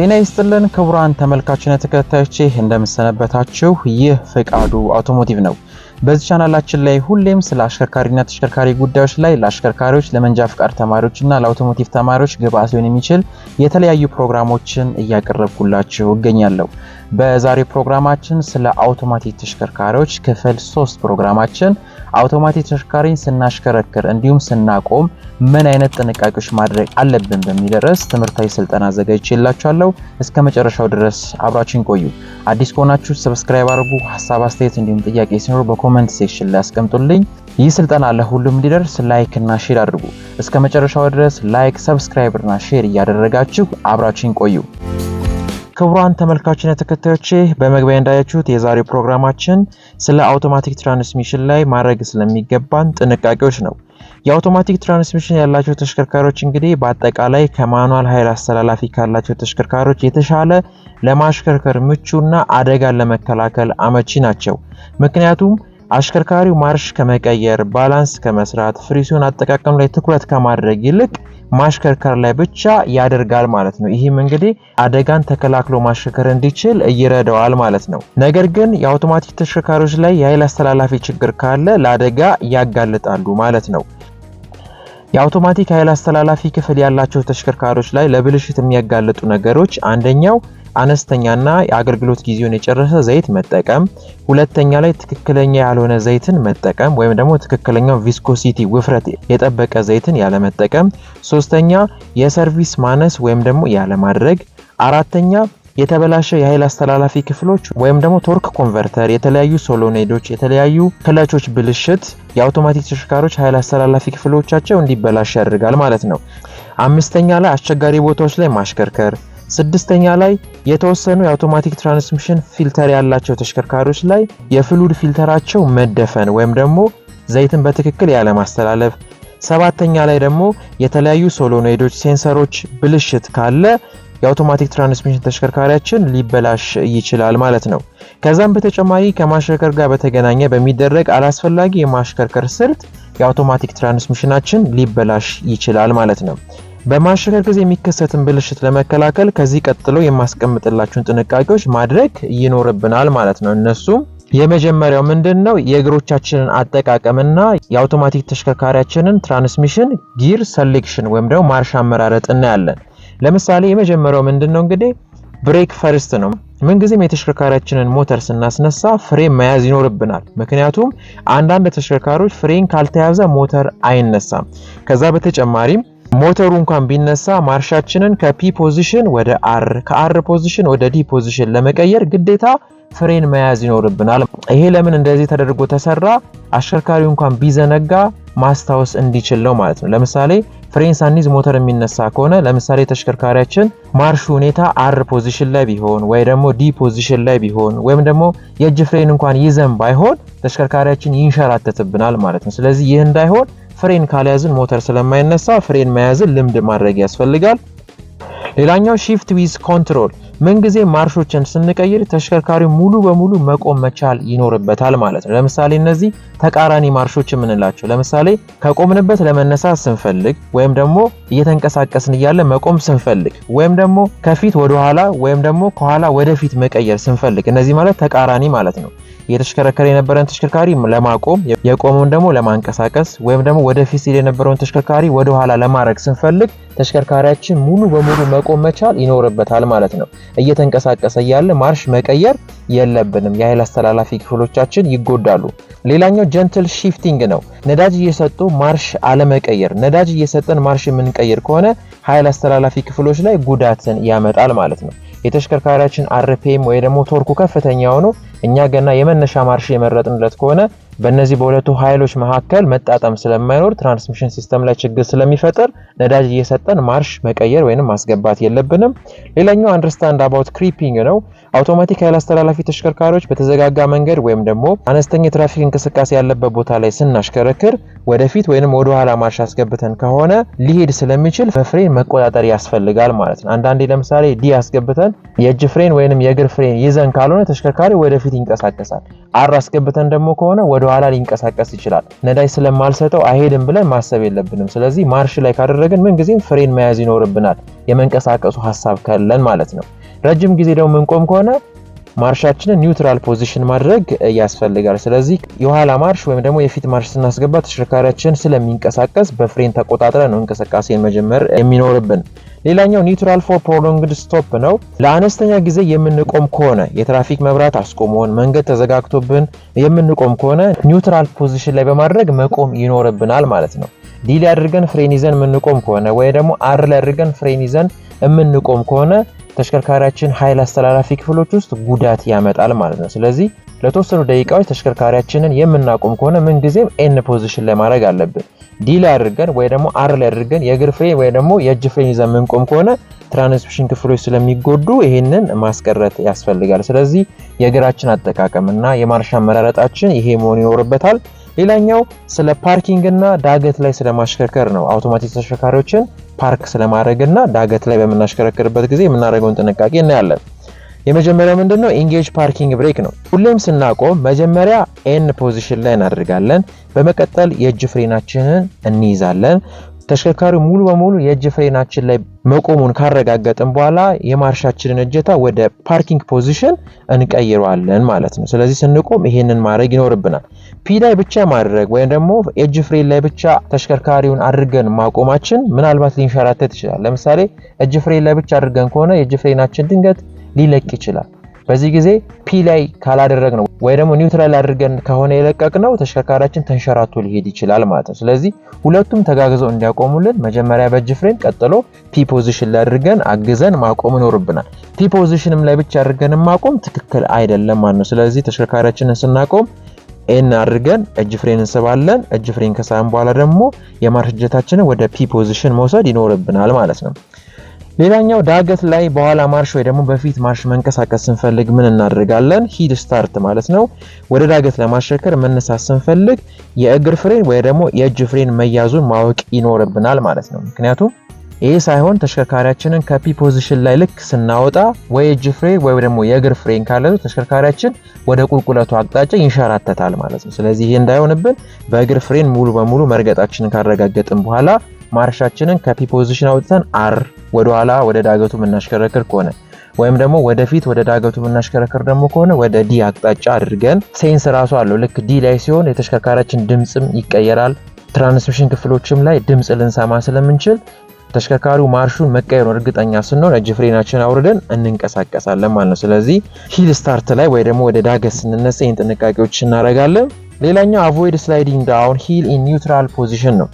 ጤና ይስጥልን ክቡራን ተመልካችና ተከታዮች እንደምሰነበታችሁ። ይህ ፍቃዱ አውቶሞቲቭ ነው። በዚህ ቻናላችን ላይ ሁሌም ስለ አሽከርካሪና ተሽከርካሪ ጉዳዮች ላይ ለአሽከርካሪዎች፣ ለመንጃ ፍቃድ ተማሪዎችና ለአውቶሞቲቭ ተማሪዎች ግብዓት ሊሆን የሚችል የተለያዩ ፕሮግራሞችን እያቀረብኩላችሁ እገኛለሁ። በዛሬ ፕሮግራማችን ስለ አውቶማቲክ ተሽከርካሪዎች ክፍል ሶስት ፕሮግራማችን አውቶማቲክ ተሽከርካሪን ስናሽከረክር እንዲሁም ስናቆም ምን አይነት ጥንቃቄዎች ማድረግ አለብን በሚል ርዕስ ትምህርታዊ ስልጠና አዘጋጅቼላችኋለሁ። እስከ መጨረሻው ድረስ አብራችን ቆዩ። አዲስ ከሆናችሁ ሰብስክራይብ አድርጉ። ሀሳብ አስተያየት፣ እንዲሁም ጥያቄ ሲኖር በኮመንት ሴክሽን ላይ አስቀምጡልኝ። ይህ ስልጠና ለሁሉም እንዲደርስ ላይክ እና ሼር አድርጉ። እስከ መጨረሻው ድረስ ላይክ፣ ሰብስክራይብ እና ሼር እያደረጋችሁ አብራችን ቆዩ። ክቡራን ተመልካችና ተከታዮቼ በመግቢያ እንዳያችሁት የዛሬው ፕሮግራማችን ስለ አውቶማቲክ ትራንስሚሽን ላይ ማድረግ ስለሚገባን ጥንቃቄዎች ነው። የአውቶማቲክ ትራንስሚሽን ያላቸው ተሽከርካሪዎች እንግዲህ በአጠቃላይ ከማኑዋል ኃይል አስተላላፊ ካላቸው ተሽከርካሪዎች የተሻለ ለማሽከርከር ምቹና አደጋን ለመከላከል አመቺ ናቸው። ምክንያቱም አሽከርካሪው ማርሽ ከመቀየር፣ ባላንስ ከመስራት፣ ፍሪሲዮን አጠቃቀም ላይ ትኩረት ከማድረግ ይልቅ ማሽከርከር ላይ ብቻ ያደርጋል ማለት ነው። ይህም እንግዲህ አደጋን ተከላክሎ ማሽከርከር እንዲችል ይረዳዋል ማለት ነው። ነገር ግን የአውቶማቲክ ተሽከርካሪዎች ላይ የኃይል አስተላላፊ ችግር ካለ ለአደጋ ያጋልጣሉ ማለት ነው። የአውቶማቲክ ኃይል አስተላላፊ ክፍል ያላቸው ተሽከርካሪዎች ላይ ለብልሽት የሚያጋልጡ ነገሮች አንደኛው አነስተኛና የአገልግሎት ጊዜውን የጨረሰ ዘይት መጠቀም፣ ሁለተኛ ላይ ትክክለኛ ያልሆነ ዘይትን መጠቀም ወይም ደግሞ ትክክለኛው ቪስኮሲቲ ውፍረት የጠበቀ ዘይትን ያለመጠቀም፣ ሶስተኛ የሰርቪስ ማነስ ወይም ደግሞ ያለማድረግ፣ አራተኛ የተበላሸ የኃይል አስተላላፊ ክፍሎች ወይም ደግሞ ቶርክ ኮንቨርተር፣ የተለያዩ ሶሎኔዶች፣ የተለያዩ ክላቾች ብልሽት የአውቶማቲክ ተሽከርካሪዎች ኃይል አስተላላፊ ክፍሎቻቸው እንዲበላሽ ያደርጋል ማለት ነው። አምስተኛ ላይ አስቸጋሪ ቦታዎች ላይ ማሽከርከር፣ ስድስተኛ ላይ የተወሰኑ የአውቶማቲክ ትራንስሚሽን ፊልተር ያላቸው ተሽከርካሪዎች ላይ የፍሉድ ፊልተራቸው መደፈን ወይም ደግሞ ዘይትን በትክክል ያለማስተላለፍ ሰባተኛ ላይ ደግሞ የተለያዩ ሶሎኖይዶች ሴንሰሮች ብልሽት ካለ የአውቶማቲክ ትራንስሚሽን ተሽከርካሪያችን ሊበላሽ ይችላል ማለት ነው። ከዛም በተጨማሪ ከማሽከርከር ጋር በተገናኘ በሚደረግ አላስፈላጊ የማሽከርከር ስልት የአውቶማቲክ ትራንስሚሽናችን ሊበላሽ ይችላል ማለት ነው። በማሽከርከር ጊዜ የሚከሰትን ብልሽት ለመከላከል ከዚህ ቀጥሎ የማስቀምጥላችሁን ጥንቃቄዎች ማድረግ ይኖርብናል ማለት ነው። እነሱም የመጀመሪያው ምንድን ነው? የእግሮቻችንን አጠቃቀምና የአውቶማቲክ ተሽከርካሪያችንን ትራንስሚሽን ጊር ሰሌክሽን ወይም ደግሞ ማርሽ አመራረጥ እናያለን። ለምሳሌ የመጀመሪያው ምንድን ነው እንግዲህ ብሬክ ፈርስት ነው። ምንጊዜም የተሽከርካሪያችንን ሞተር ስናስነሳ ፍሬን መያዝ ይኖርብናል። ምክንያቱም አንዳንድ ተሽከርካሪዎች ፍሬን ካልተያዘ ሞተር አይነሳም። ከዛ በተጨማሪም ሞተሩ እንኳን ቢነሳ ማርሻችንን ከፒ ፖዚሽን ወደ አር ከአር ፖዚሽን ወደ ዲ ፖዚሽን ለመቀየር ግዴታ ፍሬን መያዝ ይኖርብናል። ይሄ ለምን እንደዚህ ተደርጎ ተሰራ? አሽከርካሪው እንኳን ቢዘነጋ ማስታወስ እንዲችል ነው ማለት ነው። ለምሳሌ ፍሬን ሳንይዝ ሞተር የሚነሳ ከሆነ ለምሳሌ ተሽከርካሪያችን ማርሽ ሁኔታ አር ፖዚሽን ላይ ቢሆን ወይ ደግሞ ዲ ፖዚሽን ላይ ቢሆን ወይም ደግሞ የእጅ ፍሬን እንኳን ይዘን ባይሆን ተሽከርካሪያችን ይንሸራተትብናል ማለት ነው። ስለዚህ ይህ እንዳይሆን ፍሬን ካልያዝን ሞተር ስለማይነሳ ፍሬን መያዝን ልምድ ማድረግ ያስፈልጋል። ሌላኛው ሺፍት ዊዝ ኮንትሮል ምንጊዜ ማርሾችን ስንቀይር ተሽከርካሪው ሙሉ በሙሉ መቆም መቻል ይኖርበታል ማለት ነው። ለምሳሌ እነዚህ ተቃራኒ ማርሾች የምንላቸው ለምሳሌ ከቆምንበት ለመነሳት ስንፈልግ ወይም ደግሞ እየተንቀሳቀስን እያለ መቆም ስንፈልግ ወይም ደግሞ ከፊት ወደ ኋላ ወይም ደግሞ ከኋላ ወደፊት መቀየር ስንፈልግ እነዚህ ማለት ተቃራኒ ማለት ነው። የተሽከረከረ የነበረን ተሽከርካሪ ለማቆም የቆመውን ደግሞ ለማንቀሳቀስ ወይም ደግሞ ወደፊት ሲል የነበረውን ተሽከርካሪ ወደኋላ ለማድረግ ስንፈልግ ተሽከርካሪያችን ሙሉ በሙሉ መቆም መቻል ይኖርበታል ማለት ነው። እየተንቀሳቀሰ ያለ ማርሽ መቀየር የለብንም። የኃይል አስተላላፊ ክፍሎቻችን ይጎዳሉ። ሌላኛው ጀንትል ሺፍቲንግ ነው። ነዳጅ እየሰጡ ማርሽ አለመቀየር። ነዳጅ እየሰጠን ማርሽ የምንቀይር ከሆነ ኃይል አስተላላፊ ክፍሎች ላይ ጉዳትን ያመጣል ማለት ነው። የተሽከርካሪያችን አርፒኤም ወይ ደግሞ ቶርኩ ከፍተኛ ሆኖ እኛ ገና የመነሻ ማርሽ የመረጥንለት ከሆነ በእነዚህ በሁለቱ ኃይሎች መካከል መጣጣም ስለማይኖር ትራንስሚሽን ሲስተም ላይ ችግር ስለሚፈጠር ነዳጅ እየሰጠን ማርሽ መቀየር ወይም ማስገባት የለብንም። ሌላኛው አንደርስታንድ አባውት ክሪፒንግ ነው። አውቶማቲክ ኃይል አስተላላፊ ተሽከርካሪዎች በተዘጋጋ መንገድ ወይም ደግሞ አነስተኛ የትራፊክ እንቅስቃሴ ያለበት ቦታ ላይ ስናሽከረክር ወደፊት ወይም ወደ ኋላ ማርሽ አስገብተን ከሆነ ሊሄድ ስለሚችል በፍሬን መቆጣጠር ያስፈልጋል ማለት ነው። አንዳንዴ ለምሳሌ ዲ አስገብተን የእጅ ፍሬን ወይም የእግር ፍሬን ይዘን ካልሆነ ተሽከርካሪ ወደፊት ወደፊት ይንቀሳቀሳል። አር አስገብተን ደግሞ ከሆነ ወደኋላ ሊንቀሳቀስ ይችላል። ነዳጅ ስለማልሰጠው አይሄድም ብለን ማሰብ የለብንም። ስለዚህ ማርሽ ላይ ካደረግን ምንጊዜም ፍሬን መያዝ ይኖርብናል፣ የመንቀሳቀሱ ሀሳብ ከለን ማለት ነው። ረጅም ጊዜ ደግሞ ምንቆም ከሆነ ማርሻችንን ኒውትራል ፖዚሽን ማድረግ ያስፈልጋል። ስለዚህ የኋላ ማርሽ ወይም ደግሞ የፊት ማርሽ ስናስገባ ተሽከርካሪያችን ስለሚንቀሳቀስ በፍሬን ተቆጣጥረን ነው እንቅስቃሴን መጀመር የሚኖርብን። ሌላኛው ኒውትራል ፎር ፕሮሎንግድ ስቶፕ ነው። ለአነስተኛ ጊዜ የምንቆም ከሆነ የትራፊክ መብራት አስቆሞን፣ መንገድ ተዘጋግቶብን የምንቆም ከሆነ ኒውትራል ፖዚሽን ላይ በማድረግ መቆም ይኖርብናል ማለት ነው። ዲ ላይ አድርገን ፍሬን ይዘን የምንቆም ከሆነ ወይ ደግሞ አር ላይ አድርገን ፍሬን ይዘን የምንቆም ከሆነ ተሽከርካሪያችን ኃይል አስተላላፊ ክፍሎች ውስጥ ጉዳት ያመጣል ማለት ነው። ስለዚህ ለተወሰኑ ደቂቃዎች ተሽከርካሪያችንን የምናቆም ከሆነ ምንጊዜም ኤን ፖዚሽን ላይ ማድረግ አለብን። ዲ ላይ አድርገን ወይ ደግሞ አር ላይ አድርገን የእግር ፍሬን ወይ ደግሞ የእጅ ፍሬን ይዘን የምንቆም ከሆነ ትራንስሚሽን ክፍሎች ስለሚጎዱ ይሄንን ማስቀረት ያስፈልጋል። ስለዚህ የእግራችን አጠቃቀም እና የማርሻ አመራረጣችን ይሄ መሆን ይኖርበታል። ሌላኛው ስለ ፓርኪንግ እና ዳገት ላይ ስለማሽከርከር ነው። አውቶማቲክ ተሽከርካሪዎችን ፓርክ ስለማድረግ እና ዳገት ላይ በምናሽከረክርበት ጊዜ የምናደርገውን ጥንቃቄ እናያለን። የመጀመሪያው ምንድን ነው? ኢንጌጅ ፓርኪንግ ብሬክ ነው። ሁሌም ስናቆም መጀመሪያ ኤን ፖዚሽን ላይ እናደርጋለን። በመቀጠል የእጅ ፍሬናችንን እንይዛለን። ተሽከርካሪው ሙሉ በሙሉ የእጅ ፍሬናችን ላይ መቆሙን ካረጋገጥን በኋላ የማርሻችንን እጀታ ወደ ፓርኪንግ ፖዚሽን እንቀይረዋለን ማለት ነው። ስለዚህ ስንቆም ይሄንን ማድረግ ይኖርብናል። ፒ ላይ ብቻ ማድረግ ወይም ደግሞ የእጅ ፍሬን ላይ ብቻ ተሽከርካሪውን አድርገን ማቆማችን ምናልባት ሊንሸራተት ይችላል። ለምሳሌ እጅ ፍሬን ላይ ብቻ አድርገን ከሆነ የእጅ ፍሬናችን ድንገት ሊለቅ ይችላል። በዚህ ጊዜ ፒ ላይ ካላደረግ ነው ወይ ደግሞ ኒውትራል አድርገን ከሆነ የለቀቅ ነው ተሽከርካሪያችን ተንሸራቶ ሊሄድ ይችላል ማለት ነው። ስለዚህ ሁለቱም ተጋግዘው እንዲያቆሙልን መጀመሪያ በእጅ ፍሬን፣ ቀጥሎ ፒ ፖዚሽን ላይ አድርገን አግዘን ማቆም ይኖርብናል። ፒ ፖዚሽንም ላይ ብቻ አድርገን ማቆም ትክክል አይደለም ማለት ነው። ስለዚህ ተሽከርካሪያችንን ስናቆም ኤን አድርገን እጅ ፍሬን እንስባለን። እጅ ፍሬን ከሳን በኋላ ደግሞ የማርሽ እጀታችንን ወደ ፒ ፖዚሽን መውሰድ ይኖርብናል ማለት ነው። ሌላኛው ዳገት ላይ በኋላ ማርሽ ወይ ደግሞ በፊት ማርሽ መንቀሳቀስ ስንፈልግ ምን እናደርጋለን? ሂድ ስታርት ማለት ነው። ወደ ዳገት ለማሽከርከር መነሳት ስንፈልግ የእግር ፍሬን ወይ ደግሞ የእጅ ፍሬን መያዙን ማወቅ ይኖርብናል ማለት ነው። ምክንያቱም ይሄ ሳይሆን ተሽከርካሪያችንን ከፒ ፖዚሽን ላይ ልክ ስናወጣ ወይ እጅ ፍሬ ወይ ደግሞ የእግር ፍሬን ካለ ተሽከርካሪያችን ወደ ቁልቁለቱ አቅጣጫ ይንሸራተታል ማለት ነው። ስለዚህ ይሄ እንዳይሆንብን በእግር ፍሬን ሙሉ በሙሉ መርገጣችንን ካረጋገጥን በኋላ ማርሻችንን ከፒ ፖዚሽን አውጥተን አር ወደኋላ ወደ ዳገቱ የምናሽከረክር ከሆነ ወይም ደግሞ ወደፊት ወደ ዳገቱ የምናሽከረክር ደግሞ ከሆነ ወደ ዲ አቅጣጫ አድርገን ሴንስ ራሱ አለው። ልክ ዲ ላይ ሲሆን የተሽከርካሪያችን ድምፅም ይቀየራል። ትራንስሚሽን ክፍሎችም ላይ ድምፅ ልንሰማ ስለምንችል ተሽከርካሪው ማርሹን መቀየሩን እርግጠኛ ስንሆን እጅ ፍሬናችን አውርደን እንንቀሳቀሳለን ማለት ነው። ስለዚህ ሂል ስታርት ላይ ወይ ደግሞ ወደ ዳገት ስንነሳ ይህን ጥንቃቄዎች እናደርጋለን። ሌላኛው አቮይድ ስላይዲንግ ዳውን ሂል ኢን ኒውትራል ፖዚሽን ነው።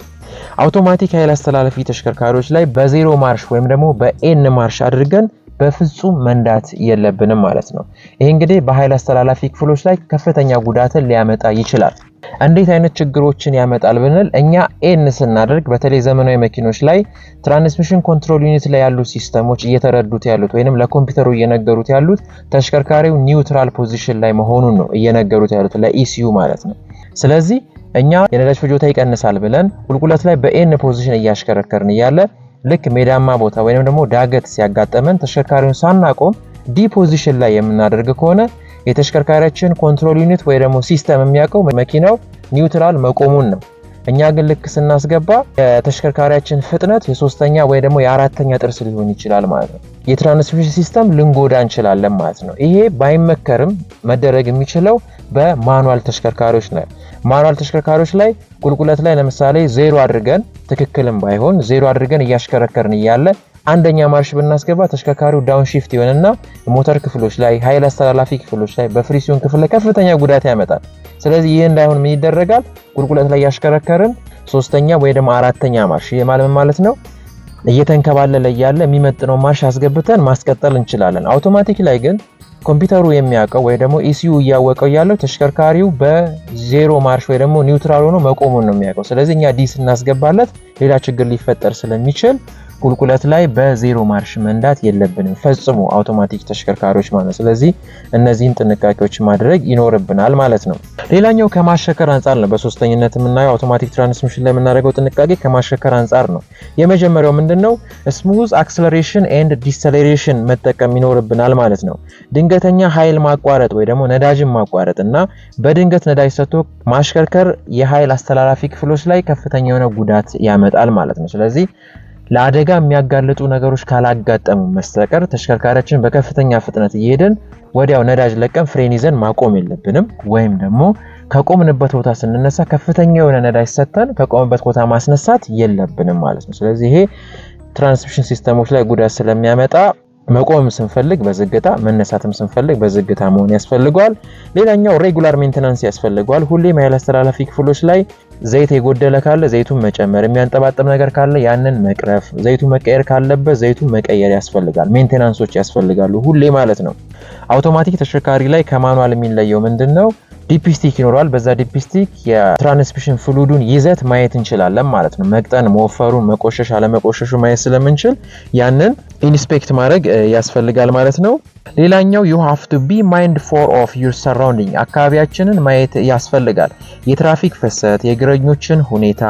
አውቶማቲክ ኃይል አስተላላፊ ተሽከርካሪዎች ላይ በዜሮ ማርሽ ወይም ደግሞ በኤን ማርሽ አድርገን በፍጹም መንዳት የለብንም ማለት ነው። ይህ እንግዲህ በኃይል አስተላላፊ ክፍሎች ላይ ከፍተኛ ጉዳትን ሊያመጣ ይችላል። እንዴት አይነት ችግሮችን ያመጣል ብንል እኛ ኤን ስናደርግ በተለይ ዘመናዊ መኪኖች ላይ ትራንስሚሽን ኮንትሮል ዩኒት ላይ ያሉ ሲስተሞች እየተረዱት ያሉት ወይንም ለኮምፒውተሩ እየነገሩት ያሉት ተሽከርካሪው ኒውትራል ፖዚሽን ላይ መሆኑን ነው እየነገሩት ያሉት ለኢሲዩ ማለት ነው። ስለዚህ እኛ የነዳጅ ፍጆታ ይቀንሳል ብለን ቁልቁለት ላይ በኤን ፖዚሽን እያሽከረከርን እያለ ልክ ሜዳማ ቦታ ወይም ደግሞ ዳገት ሲያጋጠመን ተሽከርካሪውን ሳናቆም ዲ ፖዚሽን ላይ የምናደርግ ከሆነ የተሽከርካሪያችን ኮንትሮል ዩኒት ወይ ደግሞ ሲስተም የሚያውቀው መኪናው ኒውትራል መቆሙን ነው። እኛ ግን ልክ ስናስገባ የተሽከርካሪያችን ፍጥነት የሶስተኛ ወይ ደግሞ የአራተኛ ጥርስ ሊሆን ይችላል ማለት ነው። የትራንስሚሽን ሲስተም ልንጎዳ እንችላለን ማለት ነው። ይሄ ባይመከርም መደረግ የሚችለው በማኑዋል ተሽከርካሪዎች ነው። ማኑዋል ተሽከርካሪዎች ላይ ቁልቁለት ላይ ለምሳሌ ዜሮ አድርገን ትክክልም ባይሆን ዜሮ አድርገን እያሽከረከርን እያለ አንደኛ ማርሽ ብናስገባ ተሽከርካሪው ዳውን ሺፍት ይሆንና ሞተር ክፍሎች ላይ ኃይል አስተላላፊ ክፍሎች ላይ በፍሪሲዮን ክፍል ላይ ከፍተኛ ጉዳት ያመጣል። ስለዚህ ይህ እንዳይሆን ምን ይደረጋል? ቁልቁለት ላይ እያሽከረከርን ሶስተኛ ወይ ደግሞ አራተኛ ማርሽ ማለም ማለት ነው እየተንከባለለ እያለ የሚመጥነው ማርሽ አስገብተን ማስቀጠል እንችላለን። አውቶማቲክ ላይ ግን ኮምፒውተሩ የሚያውቀው ወይ ደግሞ ኢሲዩ እያወቀው ያለው ተሽከርካሪው በዜሮ ማርሽ ወይ ደግሞ ኒውትራል ሆኖ መቆሙን ነው የሚያውቀው። ስለዚህ እኛ ዲስ እናስገባለት ሌላ ችግር ሊፈጠር ስለሚችል ቁልቁለት ላይ በዜሮ ማርሽ መንዳት የለብንም ፈጽሞ አውቶማቲክ ተሽከርካሪዎች ማለት ስለዚህ እነዚህን ጥንቃቄዎች ማድረግ ይኖርብናል ማለት ነው። ሌላኛው ከማሸከር አንጻር ነው። በሶስተኝነት የምናየው አውቶማቲክ ትራንስሚሽን ላይ የምናደርገው ጥንቃቄ ከማሸከር አንጻር ነው። የመጀመሪያው ምንድን ነው? ስሙዝ አክስለሬሽን ኤንድ ዲሰለሬሽን መጠቀም ይኖርብናል ማለት ነው። ድንገተኛ ኃይል ማቋረጥ ወይ ደግሞ ነዳጅን ማቋረጥ እና በድንገት ነዳጅ ሰጥቶ ማሽከርከር የኃይል አስተላላፊ ክፍሎች ላይ ከፍተኛ የሆነ ጉዳት ያመጣል ማለት ነው። ስለዚህ ለአደጋ የሚያጋልጡ ነገሮች ካላጋጠሙ መስተቀር ተሽከርካሪያችን በከፍተኛ ፍጥነት እየሄደን ወዲያው ነዳጅ ለቀን ፍሬን ይዘን ማቆም የለብንም። ወይም ደግሞ ከቆምንበት ቦታ ስንነሳ ከፍተኛ የሆነ ነዳጅ ሰጥተን ከቆምንበት ቦታ ማስነሳት የለብንም ማለት ነው። ስለዚህ ይሄ ትራንስሚሽን ሲስተሞች ላይ ጉዳት ስለሚያመጣ መቆም ስንፈልግ በዝግታ መነሳትም ስንፈልግ በዝግታ መሆን ያስፈልገዋል። ሌላኛው ሬጉላር ሜንቴናንስ ያስፈልገዋል። ሁሌም የኃይል አስተላላፊ ክፍሎች ላይ ዘይት የጎደለ ካለ ዘይቱን መጨመር፣ የሚያንጠባጥብ ነገር ካለ ያንን መቅረፍ፣ ዘይቱ መቀየር ካለበት ዘይቱ መቀየር ያስፈልጋል። ሜንቴናንሶች ያስፈልጋሉ ሁሌ ማለት ነው። አውቶማቲክ ተሽከርካሪ ላይ ከማኑዋል የሚለየው ምንድን ነው? ዲፕስቲክ ይኖረዋል። በዛ ዲፕስቲክ የትራንስሚሽን ፍሉዱን ይዘት ማየት እንችላለን ማለት ነው። መቅጠን፣ መወፈሩን፣ መቆሸሽ አለመቆሸሹ ማየት ስለምንችል ያንን ኢንስፔክት ማድረግ ያስፈልጋል ማለት ነው። ሌላኛው ዩ ሃቭ ቱ ቢ ማይንድ ፎር ኦፍ ዩር ሰራውንዲንግ አካባቢያችንን ማየት ያስፈልጋል። የትራፊክ ፍሰት፣ የእግረኞችን ሁኔታ፣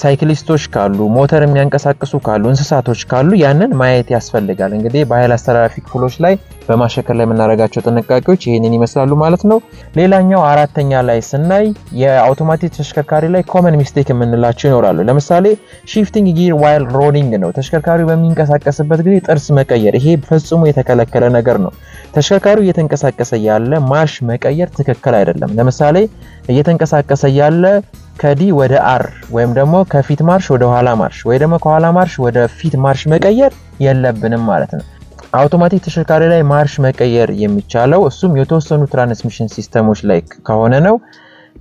ሳይክሊስቶች ካሉ፣ ሞተር የሚያንቀሳቅሱ ካሉ፣ እንስሳቶች ካሉ ያንን ማየት ያስፈልጋል። እንግዲህ በኃይል አስተላላፊ ክፍሎች ላይ በማሸከር ላይ የምናደርጋቸው ጥንቃቄዎች ይህንን ይመስላሉ ማለት ነው። ሌላኛው አራተኛ ላይ ስናይ የአውቶማቲክ ተሽከርካሪ ላይ ኮመን ሚስቴክ የምንላቸው ይኖራሉ። ለምሳሌ ሺፍቲንግ ጊር ዋይል ሮዲንግ ነው። ተሽከርካሪው በሚንቀሳቀስበት ጊዜ ጥርስ መቀየር፣ ይሄ ፈጽሞ የተከለከለ ነገር ነው። ተሽከርካሪው እየተንቀሳቀሰ ያለ ማርሽ መቀየር ትክክል አይደለም። ለምሳሌ እየተንቀሳቀሰ ያለ ከዲ ወደ አር ወይም ደግሞ ከፊት ማርሽ ወደ ኋላ ማርሽ ወይ ደግሞ ከኋላ ማርሽ ወደ ፊት ማርሽ መቀየር የለብንም ማለት ነው። አውቶማቲክ ተሽከርካሪ ላይ ማርሽ መቀየር የሚቻለው እሱም የተወሰኑ ትራንስሚሽን ሲስተሞች ላይ ከሆነ ነው።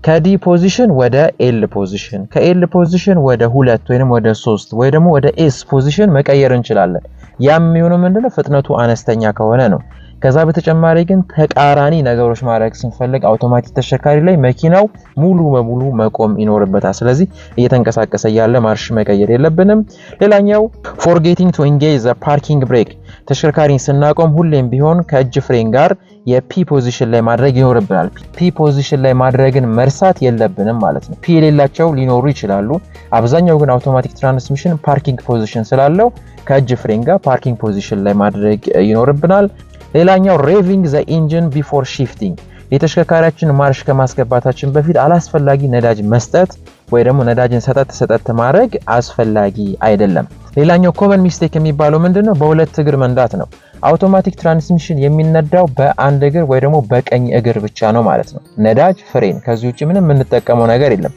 ከዲ ፖዚሽን ወደ ኤል ፖዚሽን፣ ከኤል ፖዚሽን ወደ ሁለት ወይም ወደ ሶስት ወይ ደግሞ ወደ ኤስ ፖዚሽን መቀየር እንችላለን። ያም የሚሆነው ምንድነው ፍጥነቱ አነስተኛ ከሆነ ነው። ከዛ በተጨማሪ ግን ተቃራኒ ነገሮች ማድረግ ስንፈልግ አውቶማቲክ ተሽከርካሪ ላይ መኪናው ሙሉ በሙሉ መቆም ይኖርበታል። ስለዚህ እየተንቀሳቀሰ ያለ ማርሽ መቀየር የለብንም። ሌላኛው ፎርጌቲንግ ቱ ኢንጌጅ ዘ ፓርኪንግ ብሬክ ተሽከርካሪን ስናቆም ሁሌም ቢሆን ከእጅ ፍሬን ጋር የፒ ፖዚሽን ላይ ማድረግ ይኖርብናል። ፒ ፖዚሽን ላይ ማድረግን መርሳት የለብንም ማለት ነው። ፒ የሌላቸው ሊኖሩ ይችላሉ። አብዛኛው ግን አውቶማቲክ ትራንስሚሽን ፓርኪንግ ፖዚሽን ስላለው ከእጅ ፍሬን ጋር ፓርኪንግ ፖዚሽን ላይ ማድረግ ይኖርብናል። ሌላኛው ሬቪንግ ዘ ኢንጂን ቢፎር ሺፍቲንግ የተሽከርካሪያችን ማርሽ ከማስገባታችን በፊት አላስፈላጊ ነዳጅ መስጠት ወይ ደግሞ ነዳጅን ሰጠት ሰጠት ማድረግ አስፈላጊ አይደለም። ሌላኛው ኮመን ሚስቴክ የሚባለው ምንድን ነው? በሁለት እግር መንዳት ነው። አውቶማቲክ ትራንስሚሽን የሚነዳው በአንድ እግር ወይ ደግሞ በቀኝ እግር ብቻ ነው ማለት ነው። ነዳጅ፣ ፍሬን፣ ከዚህ ውጭ ምንም የምንጠቀመው ነገር የለም።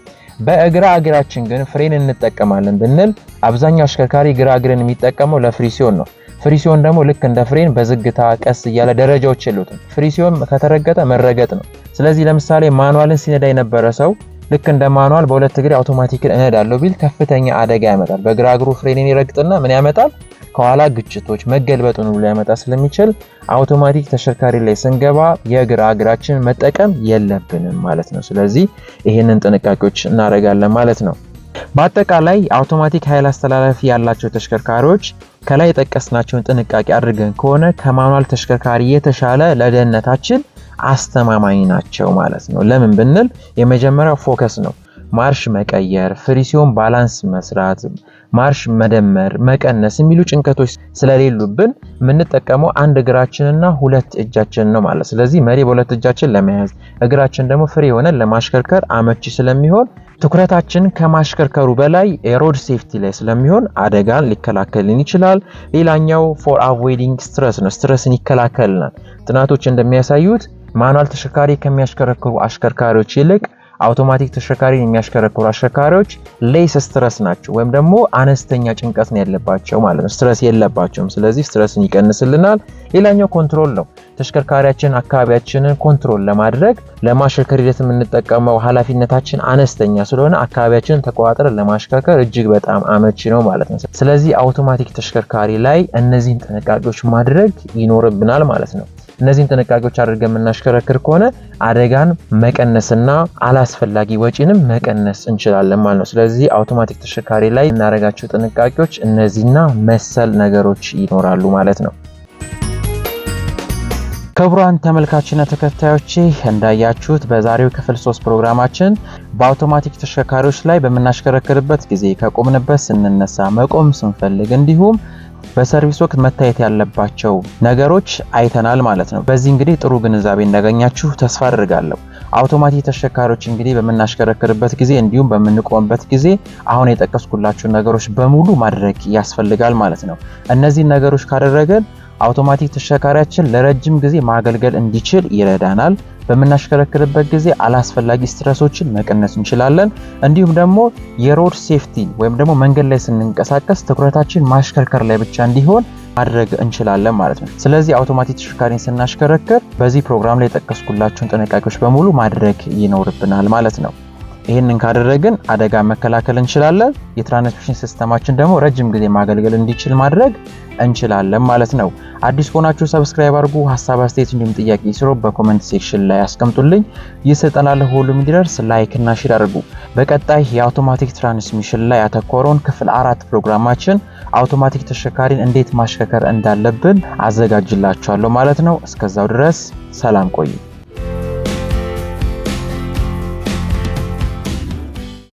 በእግራ እግራችን ግን ፍሬን እንጠቀማለን ብንል አብዛኛው አሽከርካሪ ግራ እግርን የሚጠቀመው ለፍሪ ሲሆን ነው። ፍሪ ሲሆን ደግሞ ልክ እንደ ፍሬን በዝግታ ቀስ እያለ ደረጃዎች የሉትም። ፍሪ ሲሆን ከተረገጠ መረገጥ ነው። ስለዚህ ለምሳሌ ማኑዋልን ሲነዳ የነበረ ሰው ልክ እንደ ማኑዋል በሁለት እግሬ አውቶማቲክን እነዳለው ቢል ከፍተኛ አደጋ ያመጣል። በግራ እግሩ ፍሬንን ይረግጥና ምን ያመጣል? ከኋላ ግጭቶች፣ መገልበጡን ሁሉ ያመጣ ስለሚችል አውቶማቲክ ተሽከርካሪ ላይ ስንገባ የግራ እግራችን መጠቀም የለብንም ማለት ነው። ስለዚህ ይህንን ጥንቃቄዎች እናደርጋለን ማለት ነው። በአጠቃላይ አውቶማቲክ ኃይል አስተላላፊ ያላቸው ተሽከርካሪዎች ከላይ የጠቀስናቸውን ጥንቃቄ አድርገን ከሆነ ከማኑዋል ተሽከርካሪ የተሻለ ለደህንነታችን አስተማማኝ ናቸው ማለት ነው። ለምን ብንል የመጀመሪያው ፎከስ ነው። ማርሽ መቀየር፣ ፍሪ ሲሆን ባላንስ መስራት፣ ማርሽ መደመር፣ መቀነስ የሚሉ ጭንቀቶች ስለሌሉብን የምንጠቀመው አንድ እግራችንና ሁለት እጃችን ነው ማለት ስለዚህ መሪ በሁለት እጃችን ለመያዝ እግራችን ደግሞ ፍሪ የሆነ ለማሽከርከር አመቺ ስለሚሆን ትኩረታችን ከማሽከርከሩ በላይ የሮድ ሴፍቲ ላይ ስለሚሆን አደጋን ሊከላከልን ይችላል። ሌላኛው ፎር አቮይዲንግ ስትረስ ነው። ስትረስን ይከላከልናል። ጥናቶች እንደሚያሳዩት ማኑዋል ተሽከርካሪ ከሚያሽከረክሩ አሽከርካሪዎች ይልቅ አውቶማቲክ ተሽከርካሪ የሚያሽከረክሩ አሽከርካሪዎች ሌስ ስትረስ ናቸው፣ ወይም ደግሞ አነስተኛ ጭንቀት ነው ያለባቸው ማለት ነው። ስትረስ የለባቸውም። ስለዚህ ስትረስን ይቀንስልናል። ሌላኛው ኮንትሮል ነው። ተሽከርካሪያችን አካባቢያችንን ኮንትሮል ለማድረግ ለማሽከርከር ሂደት የምንጠቀመው ኃላፊነታችን አነስተኛ ስለሆነ አካባቢያችንን ተቆጣጥረን ለማሽከርከር እጅግ በጣም አመቺ ነው ማለት ነው። ስለዚህ አውቶማቲክ ተሽከርካሪ ላይ እነዚህን ጥንቃቄዎች ማድረግ ይኖርብናል ማለት ነው። እነዚህን ጥንቃቄዎች አድርገን የምናሽከረክር ከሆነ አደጋን መቀነስና አላስፈላጊ ወጪንም መቀነስ እንችላለን ማለት ነው። ስለዚህ አውቶማቲክ ተሽከርካሪ ላይ የምናደርጋቸው ጥንቃቄዎች እነዚህና መሰል ነገሮች ይኖራሉ ማለት ነው። ክቡራን ተመልካችና ተከታዮች እንዳያችሁት በዛሬው ክፍል ሶስት ፕሮግራማችን በአውቶማቲክ ተሽከርካሪዎች ላይ በምናሽከረክርበት ጊዜ ከቆምንበት ስንነሳ መቆም ስንፈልግ እንዲሁም በሰርቪስ ወቅት መታየት ያለባቸው ነገሮች አይተናል ማለት ነው። በዚህ እንግዲህ ጥሩ ግንዛቤ እንዳገኛችሁ ተስፋ አድርጋለሁ። አውቶማቲክ ተሽከርካሪዎች እንግዲህ በምናሽከረክርበት ጊዜ እንዲሁም በምንቆምበት ጊዜ አሁን የጠቀስኩላችሁ ነገሮች በሙሉ ማድረግ ያስፈልጋል ማለት ነው። እነዚህን ነገሮች ካደረገን አውቶማቲክ ተሽከርካሪያችን ለረጅም ጊዜ ማገልገል እንዲችል ይረዳናል። በምናሽከረክርበት ጊዜ አላስፈላጊ ስትረሶችን መቀነስ እንችላለን። እንዲሁም ደግሞ የሮድ ሴፍቲ ወይም ደግሞ መንገድ ላይ ስንንቀሳቀስ ትኩረታችን ማሽከርከር ላይ ብቻ እንዲሆን ማድረግ እንችላለን ማለት ነው። ስለዚህ አውቶማቲክ ተሽከርካሪን ስናሽከረክር በዚህ ፕሮግራም ላይ የጠቀስኩላችሁን ጥንቃቄዎች በሙሉ ማድረግ ይኖርብናል ማለት ነው። ይህንን ካደረግን አደጋ መከላከል እንችላለን። የትራንስሚሽን ሲስተማችን ደግሞ ረጅም ጊዜ ማገልገል እንዲችል ማድረግ እንችላለን ማለት ነው። አዲስ ከሆናችሁ ሰብስክራይብ አድርጉ። ሀሳብ አስተያየት፣ እንዲሁም ጥያቄ ስሮ በኮመንት ሴክሽን ላይ አስቀምጡልኝ። ይህ ስልጠና ለሁሉም እንዲደርስ ላይክ እና ሼር አድርጉ። በቀጣይ የአውቶማቲክ ትራንስሚሽን ላይ ያተኮረውን ክፍል አራት ፕሮግራማችን አውቶማቲክ ተሽከርካሪን እንዴት ማሽከርከር እንዳለብን አዘጋጅላችኋለሁ ማለት ነው። እስከዛው ድረስ ሰላም ቆዩ።